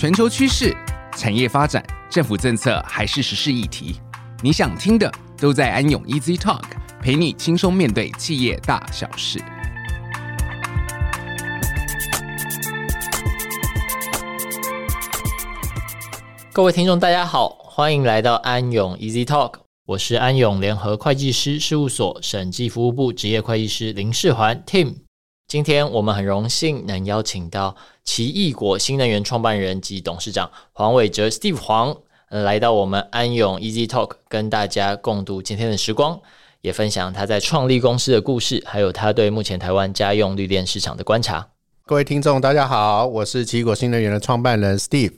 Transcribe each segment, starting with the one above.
全球趨勢、產業發展、政府政策還是時事議題，你想聽的都在安永 Easy Talk，陪你輕鬆面對企業大小事。各位聽眾，大家好，歡迎來到安永 Easy Talk，我是安永聯合會計師事務所審計服務部執業會計師林世寰 Tim。今天我們很榮幸能邀請到奇異果新能源創辦人及董事長黃偉哲 Steve 黃來到我們安永 Easy Talk，跟大家共度今天的時光，也分享他在創立公司的故事，還有他對目前台灣家用綠電市場的觀察。各位聽眾，大家好，我是奇異果新能源的創辦人 Steve。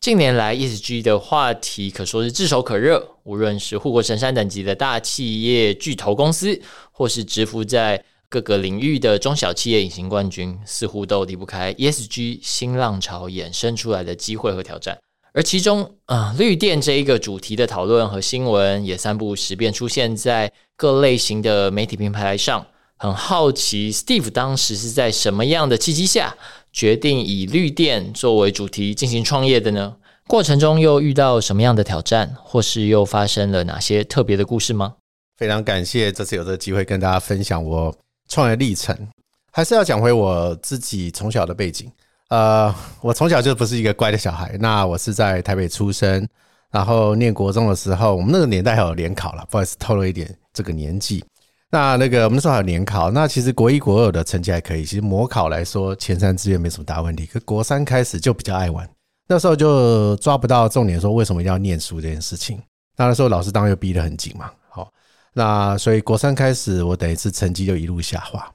近年來 ESG 的話題可說是炙手可熱，無論是護國神山等級的大企業巨頭公司，或是蟄伏在各個領域的中小企業隱形冠軍，似乎都離不開 ESG 新浪潮衍生出來的機會和挑戰，而其中，啊、呃，綠電這一個主題的討論和新聞也三不五時便出現在各類型的媒體平台上。很好奇，Steve 當時是在什麼樣的契機下決定以綠電作為主題進行創業的呢？過程中又遇到什麼樣的挑戰，或是又發生了哪些特別的故事嗎？非常感謝，這次有這個機會跟大家分享我創業歷程還是要講回我自己從小的背景。呃，我從小就不是一個乖的小孩。那我是在台北出生，然後念國中的時候，我們那個年代還有聯考了，不好意思透露一點這個年紀。那那個我們說還有聯考，那其實國一國二的成績還可以，其實模考來說前三志願沒什麼大問題。可國三開始就比較愛玩，那時候就抓不到重點，說為什麼要念書這件事情。那那時候老師當然又逼得很緊嘛。那所以國三開始，我等於是成績就一路下滑。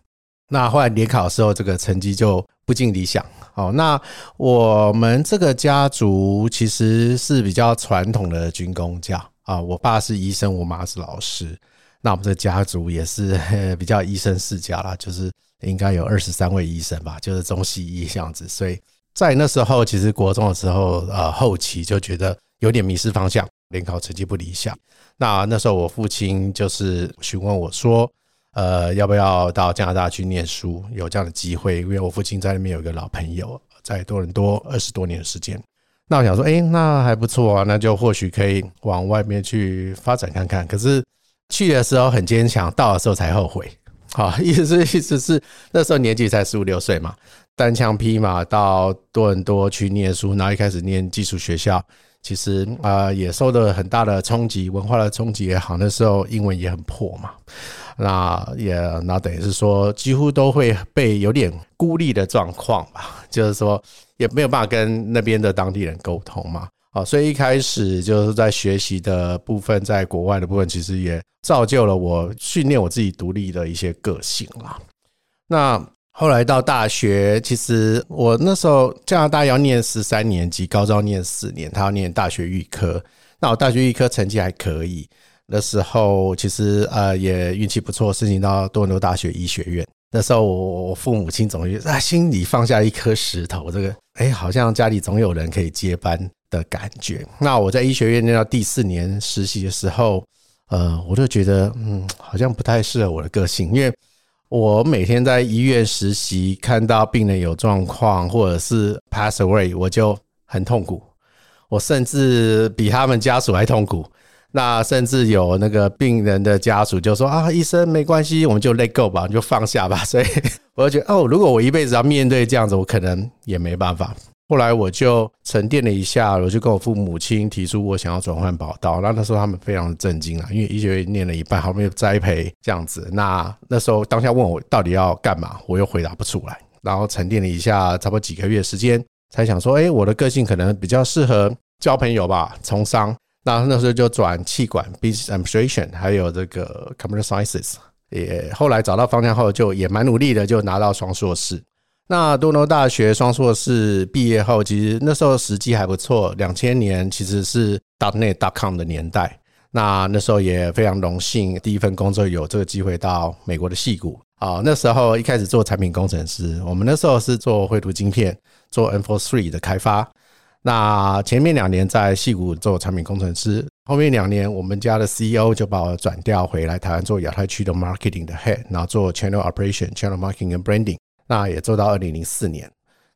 那後來聯考的時候，這個成績就不盡理想。哦，那我們這個家族其實是比較傳統的軍公教啊，我爸是醫生，我媽是老師。那我們這家族也是比較醫生世家啦，就是應該有二十三位醫生吧，就是中西醫這樣子。所以在那時候，其實國中的時候，呃，後期就覺得有點迷失方向。聯考成績不理想，那那時候我父親就是詢問我說：“呃，要不要到加拿大去念書？有這樣的機會，因為我父親在那邊有一個老朋友，在多倫多二十多年的時間。那我想說，誒、欸，那還不錯啊，那就或許可以往外面去發展看看。可是去的時候很堅強，到的時候才後悔。好，意思是意思是那時候年紀才十五六歲嘛，單槍匹馬到多倫多去念書，然後一開始念技術學校。”其實啊，也受到很大的衝擊，文化的衝擊也好，那時候英文也很破嘛，那也那等於是說，幾乎都會被有點孤立的狀況吧，就是說也沒有辦法跟那邊的當地人溝通嘛，哦，所以一開始就是在學習的部分，在國外的部分，其實也造就了我訓練我自己獨立的一些個性啦、啊，那。後來到大學，其實我那時候加拿大要念十三年級，高中念四年，他要念大學預科。那我大學預科成績還可以，那時候其實呃也運氣不錯，申請到多倫多大學醫學院。那時候我父母親總覺得心裡放下一顆石頭，這個哎、欸，好像家裡總有人可以接班的感覺。那我在醫學院念到第四年實習的時候，呃，我就覺得嗯，好像不太適合我的個性，因為。我每天在醫院實習，看到病人有狀況或者是 pass away，我就很痛苦。我甚至比他們家屬還痛苦。那甚至有那個病人的家屬就說：“啊，醫生沒關係，我們就 let go 吧，我們就放下吧。”所以我就覺得，哦，如果我一輩子要面對這樣子，我可能也沒辦法。後來我就沉澱了一下，我就跟我父母親提出我想要轉換跑道，那那時候他們非常震驚啊，因為醫學院念了一半，好面有栽培這樣子，那那時候當下問我到底要幹嘛，我又回答不出來。然後沉澱了一下，差不多幾個月的時間，才想說，哎，我的個性可能比較適合交朋友吧，從商。那那時候就轉企管，business administration，還有這個 computer sciences，也後來找到方向後，就也蠻努力的，就拿到雙碩士。那多倫多大學雙碩士畢業後，其實那時候時機還不錯。兩千年其實是 dotnet com 的年代，那那時候也非常榮幸，第一份工作有這個機會到美國的矽谷。好、啊，那時候一開始做產品工程師，我們那時候是做繪圖晶片，做 n four three 的開發。那前面兩年在矽谷做產品工程師，後面兩年我們家的 CEO 就把我轉調回來台灣做亞太區的 marketing 的 head，然後做 channel operation、channel marketing 跟 branding。那也做到二零零四年，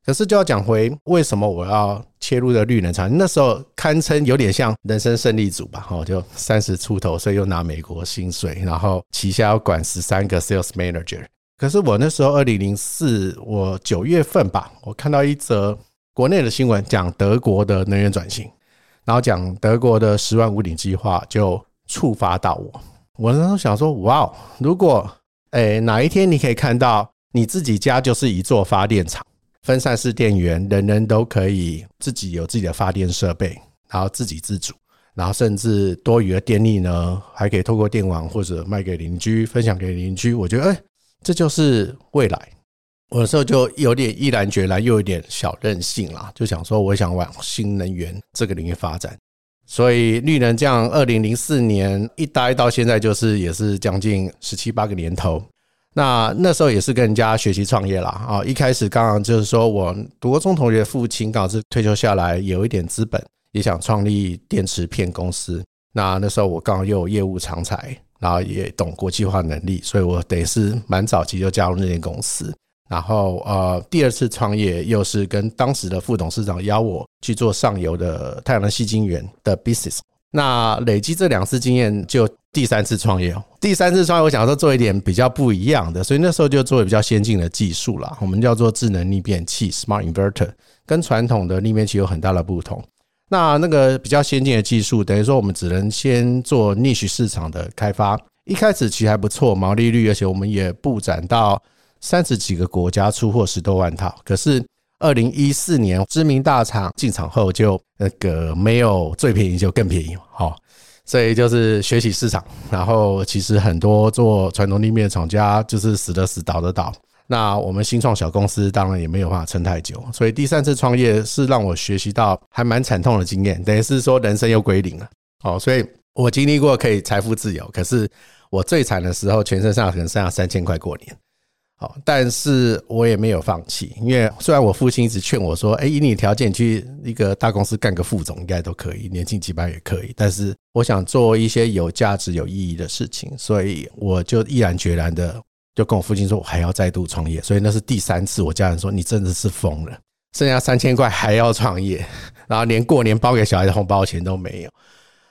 可是就要講回為什麼我要切入的綠能產業，那時候堪稱有點像人生勝利組吧，哈，就三十出頭，所以又拿美國薪水，然後旗下要管十三個 sales manager。可是我那時候二零零四，我九月份吧，我看到一則國內的新聞，講德國的能源轉型，然後講德國的十萬屋頂計劃，就觸發到我。我那時候想說，哇哦，如果誒、欸、哪一天你可以看到。你自己家就是一座發電廠，分散式電源，人人都可以自己有自己的發電設備，然後自給自足，然後甚至多餘的電力呢，還可以透過電網或者賣給鄰居，分享給鄰居。我覺得，哎、欸，這就是未來。我有時候就有點毅然決然，又有點小任性啦，就想說，我想往新能源這個領域發展。所以綠能這樣，二零零四年一待到現在，就是也是將近十七八個年頭。那那時候也是跟人家學習創業啦啊！一開始剛剛就是說，我讀高中同學父親，剛好是退休下來，有一點資本，也想創立電池片公司。那那時候我剛好又有業務長才，然後也懂國際化能力，所以我等於是蠻早期就加入那間公司。然後呃，第二次創業又是跟當時的副董事長邀我去做上游的太陽能矽晶圓的 business，那累積這兩次經驗就。第三次創業哦，第三次創業，我想說做一點比較不一樣的，所以那時候就做比較先進的技術啦。我們叫做智能逆變器 （Smart Inverter），跟傳統的逆變器有很大的不同。那那個比較先進的技術，等於說我們只能先做 niche 市場的開發。一開始其實還不錯，毛利率，而且我們也佈展到三十幾個國家，出貨十多萬套。可是二零一四年知名大廠進場後，就那個沒有最便宜就更便宜，好。所以就是學習市場，然後其實很多做傳統立面廠家就是死的死倒的倒，那我們新創小公司當然也沒有辦法撐太久，所以第三次創業是讓我學習到還蠻慘痛的經驗，等於是說人生又歸零了。哦，所以我經歷過可以財富自由，可是我最慘的時候，全身上下可能剩下三千塊過年。但是我也沒有放棄，因為雖然我父親一直勸我說：“哎，以你條件你去一個大公司幹個副總應該都可以，年薪幾百也可以。”但是我想做一些有價值、有意義的事情，所以我就毅然決然的就跟我父親說：“我還要再度創業。”所以那是第三次，我家人說：“你真的是瘋了，剩下三千塊還要創業，然後連過年包給小孩的紅包錢都沒有。”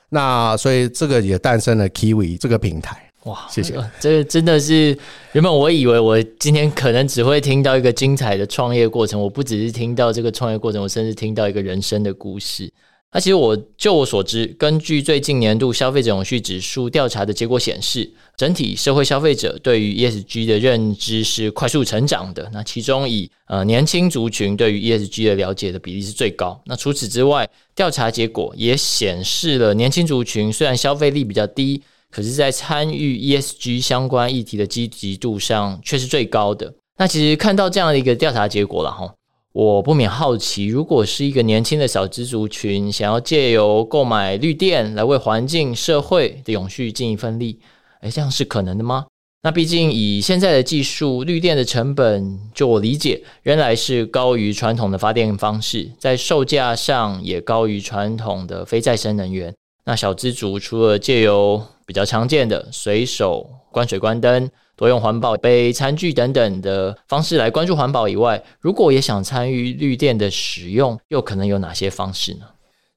那所以這個也誕生了 Kiwi 這個平台。哇，謝謝！啊，這個真的是原本我以為我今天可能只會聽到一個精彩的創業過程，我不只是聽到這個創業過程，我甚至聽到一個人生的故事。那其實我就我所知，根據最近年度消費者永續指數調查的結果顯示，整體社會消費者對於 ESG 的認知是快速成長的。那其中以呃年輕族群對於 ESG 的了解的比例是最高。那除此之外，調查結果也顯示了年輕族群雖然消費力比較低。可是，在參與 ESG 相關議題的積極度上，卻是最高的。那其實看到這樣的一個調查結果了哈，我不免好奇，如果是一個年輕的小資族群，想要借由購買綠電來為環境、社會的永續盡一份力，哎，這樣是可能的嗎？那畢竟以現在的技術，綠電的成本，就我理解，原來是高於傳統的發電方式，在售價上也高於傳統的非再生能源。那小資族除了借由比較常見的隨手關水、關燈、多用環保杯、餐具等等的方式來關注環保以外，如果也想參與綠電的使用，又可能有哪些方式呢？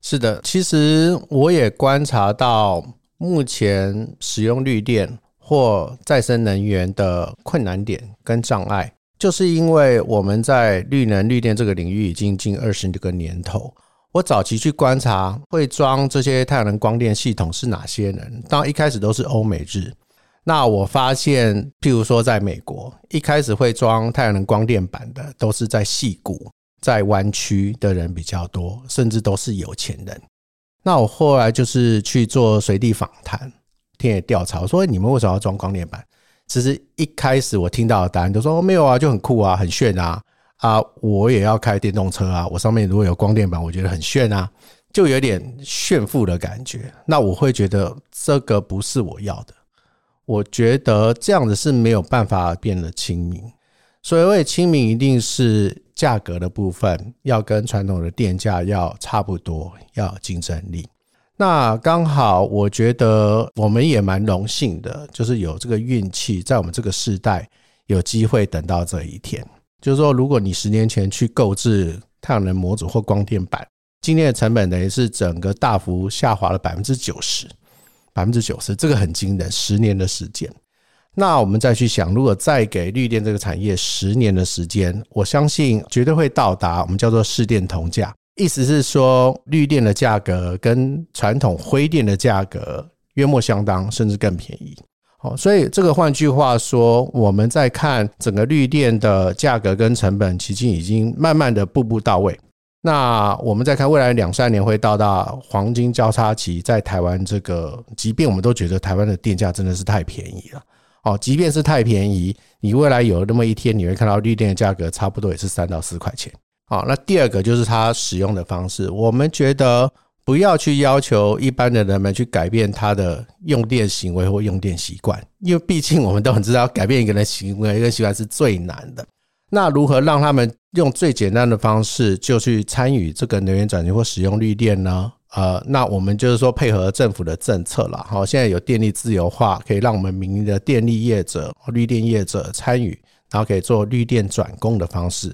是的，其實我也觀察到，目前使用綠電或再生能源的困難點跟障礙，就是因為我們在綠能、綠電這個領域已經近二十六個年頭。我早期去觀察會裝這些太陽能光電系統是哪些人，當然一開始都是歐美日。那我發現，譬如說在美國，一開始會裝太陽能光電板的，都是在矽谷、在灣區的人比較多，甚至都是有錢人。那我後來就是去做隨地訪談、田野調查，說你們為什麼要裝光電板？其實一開始我聽到的答案都說，哦，沒有啊，就很酷啊，很炫啊。啊，我也要開電動車啊！我上面如果有光電板，我覺得很炫啊，就有點炫富的感覺。那我會覺得這個不是我要的。我覺得這樣子是沒有辦法變得親民，所以為親民一定是價格的部分要跟傳統的電價要差不多，要有競爭力。那剛好，我覺得我們也蠻榮幸的，就是有這個運氣，在我們這個世代有機會等到這一天。就是說，如果你十年前去購置太陽能模組或光電板，今天的成本等於是整個大幅下滑了百分之九十，百分之九十，這個很驚人，十年的時間。那我們再去想，如果再給綠電這個產業十年的時間，我相信絕對會到達我們叫做“市電同價”，意思是說，綠電的價格跟傳統灰電的價格約莫相當，甚至更便宜。好，所以這個換句話說，我們在看整個綠電的價格跟成本，其實已經慢慢的步步到位。那我們再看未來兩三年會到達黃金交叉期，在台灣這個，即便我們都覺得台灣的電價真的是太便宜了，哦，即便是太便宜，你未來有那麼一天，你會看到綠電的價格差不多也是三到四塊錢。好，那第二個就是它使用的方式，我們覺得。不要去要求一般的人們去改變他的用電行為或用電習慣，因為畢竟我們都很知道，改變一個人的行為、一個習慣是最難的。那如何讓他們用最簡單的方式就去參與這個能源轉型或使用綠電呢？呃，那我們就是說配合政府的政策了。好，現在有電力自由化，可以讓我們民營的電力業者或綠電業者參與，然後可以做綠電轉供的方式。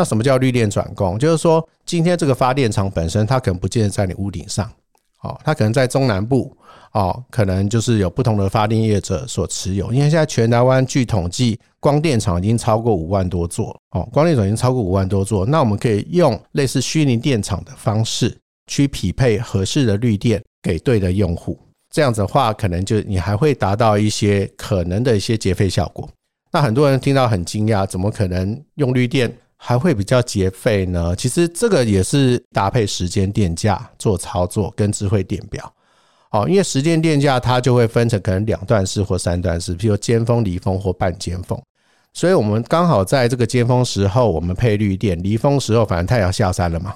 那什麼叫綠電轉供？就是說，今天這個發電廠本身，它可能不見得在你屋頂上，哦，它可能在中南部，哦，可能就是有不同的發電業者所持有。因為現在全台灣據統計，光電廠已經超過五萬多座，哦，光電廠已經超過五萬多座。那我們可以用類似虛擬電廠的方式，去匹配合適的綠電給對的用戶。這樣子的話，可能就你還會達到一些可能的一些節費效果。那很多人聽到很驚訝，怎麼可能用綠電？還會比較節費呢。其實這個也是搭配時間電價做操作，跟智慧電表。哦，因為時間電價它就會分成可能兩段式或三段式，比如尖峰、離峰或半尖峰。所以我們剛好在這個尖峰時候，我們配綠電；離峰時候，反正太陽下山了嘛。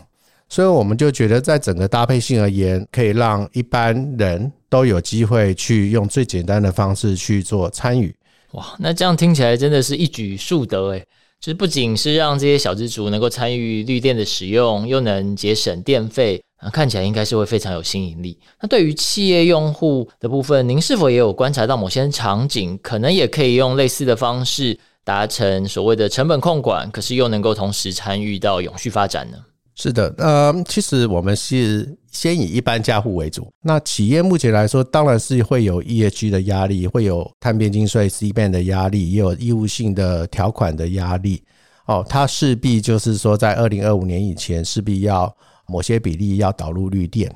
所以我們就覺得，在整個搭配性而言，可以讓一般人都有機會去用最簡單的方式去做參與。哇，那這樣聽起來真的是一舉數得欸。其實不僅是讓這些小資主能夠參與綠電的使用，又能節省電費，啊，看起來應該是會非常有吸引力。那對於企業用戶的部分，您是否也有觀察到某些場景，可能也可以用類似的方式達成所謂的成本控管，可是又能夠同時參與到永續發展呢？是的，呃，其實我們是先以一般家戶為主。那企業目前來說，當然是會有 ESG 的壓力，會有碳邊境稅 CBAM 的壓力，也有義務性的條款的壓力。哦，它勢必就是說，在二零二五年以前，勢必要某些比例要導入綠電。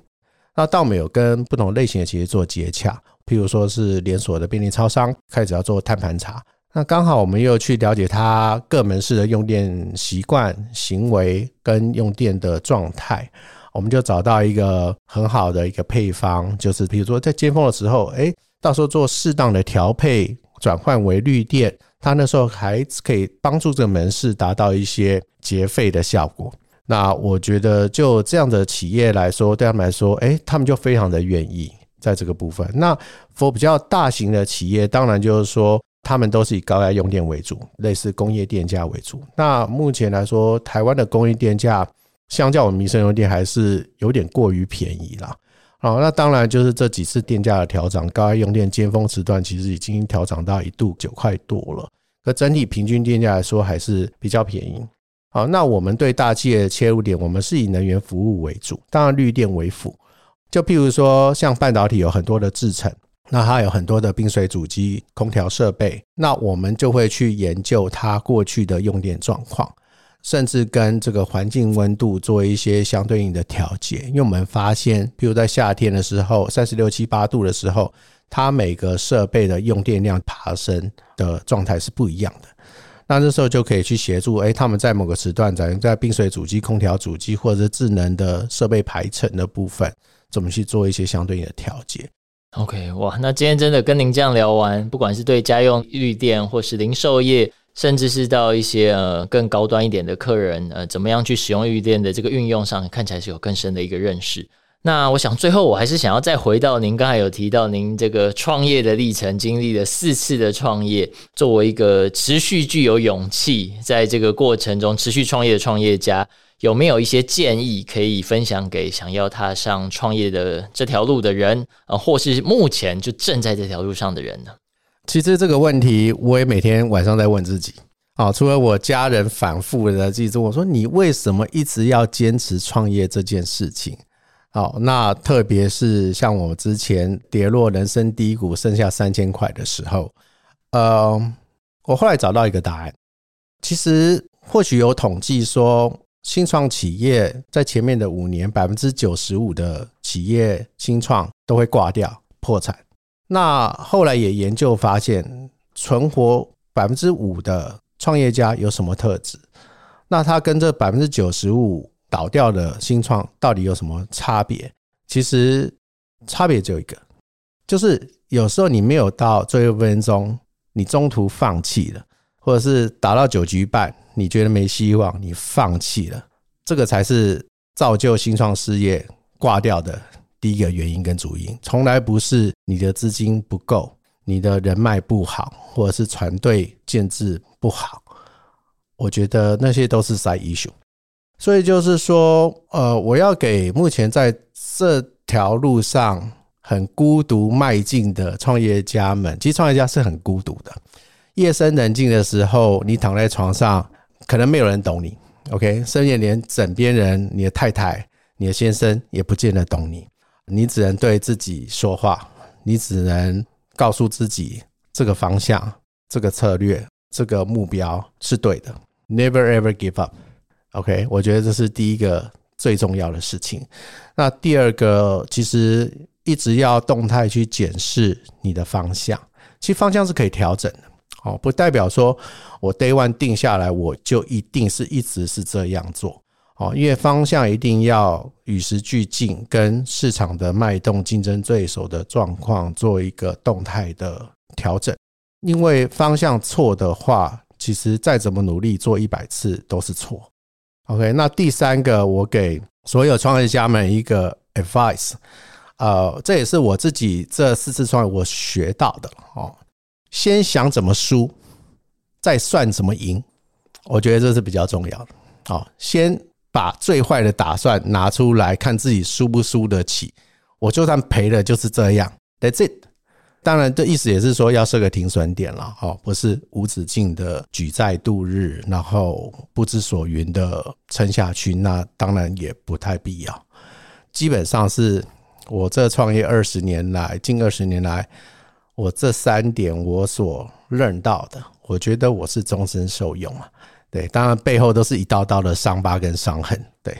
那倒沒有跟不同類型的企業做接洽，譬如說是連鎖的便利超商開始要做碳盤查。那剛好我們又去了解他各門市的用電習慣、行為跟用電的狀態，我們就找到一個很好的一個配方，就是比如說在尖峰的時候，誒、欸，到時候做適當的調配，轉換為綠電，它那時候還可以幫助這個門市達到一些節費的效果。那我覺得就這樣的企業來說，對他們來說，誒、欸，他們就非常的願意在這個部分。那 for 比較大型的企業，當然就是說。他們都是以高壓用電為主，類似工業電價為主。那目前來說，台灣的工業電價相較我們民生用電還是有點過於便宜啦。好，那當然就是這幾次電價的調整，高壓用電尖峰時段其實已經調漲到一度九塊多了。可整體平均電價來說還是比較便宜。好，那我們對大企業的切入點，我們是以能源服務為主，當然綠電為輔。就譬如說，像半導體有很多的製程。那它有很多的冰水主機、空調設備，那我們就會去研究它過去的用電狀況，甚至跟這個環境溫度做一些相對應的調節。因為我們發現，譬如在夏天的時候，三十六、七八度的時候，它每個設備的用電量爬升的狀態是不一樣的。那這時候就可以去協助，哎，他們在某個時段，咱在冰水主機、空調主機或者是智能的設備排程的部分，怎麼去做一些相對應的調節。OK，哇，那今天真的跟您這樣聊完，不管是對家用綠電，或是零售業，甚至是到一些呃更高端一點的客人，呃，怎麼樣去使用綠電的這個運用上，看起來是有更深的一個認識。那我想最後我還是想要再回到您剛才有提到您這個創業的歷程，經歷了四次的創業，作為一個持續具有勇氣在這個過程中持續創業的創業家，有沒有一些建議可以分享給想要踏上創業的這條路的人啊、呃，或是目前就正在這條路上的人呢？其實這個問題我也每天晚上在問自己。啊、哦，除了我家人反覆的在記住我說你為什麼一直要堅持創業這件事情。好、哦，那特別是像我之前跌落人生低谷，剩下三千塊的時候，呃，我後來找到一個答案。其實或許有統計說，新創企業在前面的五年95，百分之九十五的企業新創都會掛掉，破產。那後來也研究發現，存活百分之五的創業家有什麼特質？那他跟這百分之九十五。倒掉的新創到底有什麼差別？其實差別只有一個，就是有時候你沒有到最後一分鐘，你中途放棄了，或者是打到九局半，你覺得沒希望，你放棄了，這個才是造就新創事業掛掉的第一個原因跟主因。從來不是你的資金不夠，你的人脈不好，或者是團隊建制不好。我覺得那些都是篩英雄。所以就是說，呃，我要給目前在這條路上很孤獨邁進的創業家們，其實創業家是很孤獨的。夜深人靜的時候，你躺在床上，可能沒有人懂你。OK，甚至連枕邊人，你的太太、你的先生，也不見得懂你。你只能對自己說話，你只能告訴自己，這個方向、這個策略、這個目標是對的。Never ever give up。OK，我覺得這是第一個最重要的事情。那第二個，其實一直要動態去檢視你的方向。其實方向是可以調整的，哦，不代表說我 day one 定下來，我就一定是一直是這樣做，哦，因為方向一定要與時俱進，跟市場的脈動、競爭對手的狀況做一個動態的調整。因為方向錯的話，其實再怎麼努力做一百次都是錯。OK，那第三個，我給所有創業家們一個 advice，呃，這也是我自己這四次創業我學到的哦。先想怎麼輸，再算怎麼贏，我覺得這是比較重要的哦。先把最壞的打算拿出來，看自己輸不輸得起。我就算賠了就是這樣，That's it。當然，這意思也是說要設個停損點了，哦，不是無止境的舉債度日，然後不知所云的撐下去，那當然也不太必要。基本上是我這創業二十年來，近二十年來，我這三點我所認到的，我覺得我是終身受用啊。對，當然背後都是一道道的傷疤跟傷痕。對。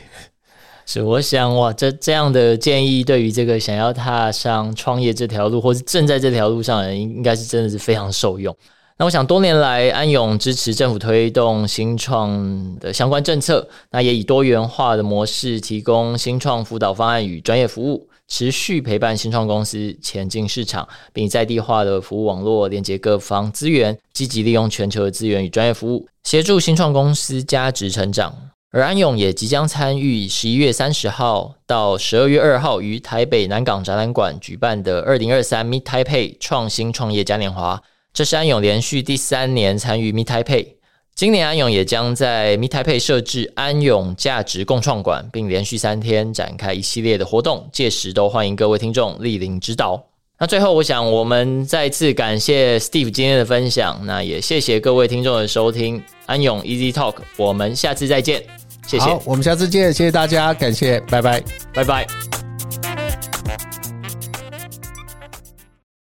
是，我想哇，這這樣的建議對於這個想要踏上創業這條路，或是正在這條路上的人，應該是真的是非常受用。那我想，多年來安永支持政府推動新創的相關政策，那也以多元化的模式提供新創輔導方案與專業服務，持續陪伴新創公司前進市場，並在地化的服務網絡連接各方資源，積極利用全球的資源與專業服務，協助新創公司加值成長。而安永也即將參與十一月三十號到十二月二號於台北南港展覽館舉辦的二零二三 Meet Taipei 創新創業嘉年華。這是安永連續第三年參與 Meet Taipei。今年安永也將在 Meet Taipei 設置安永價值共創館，並連續三天展開一系列的活動。屆時都歡迎各位聽眾蒞臨指導。那最後，我想我們再次感謝 Steve 今天的分享，那也謝謝各位聽眾的收聽。安永 Easy Talk，我們下次再見。謝謝。好，我們下次見，謝謝大家，感謝，拜拜，拜拜。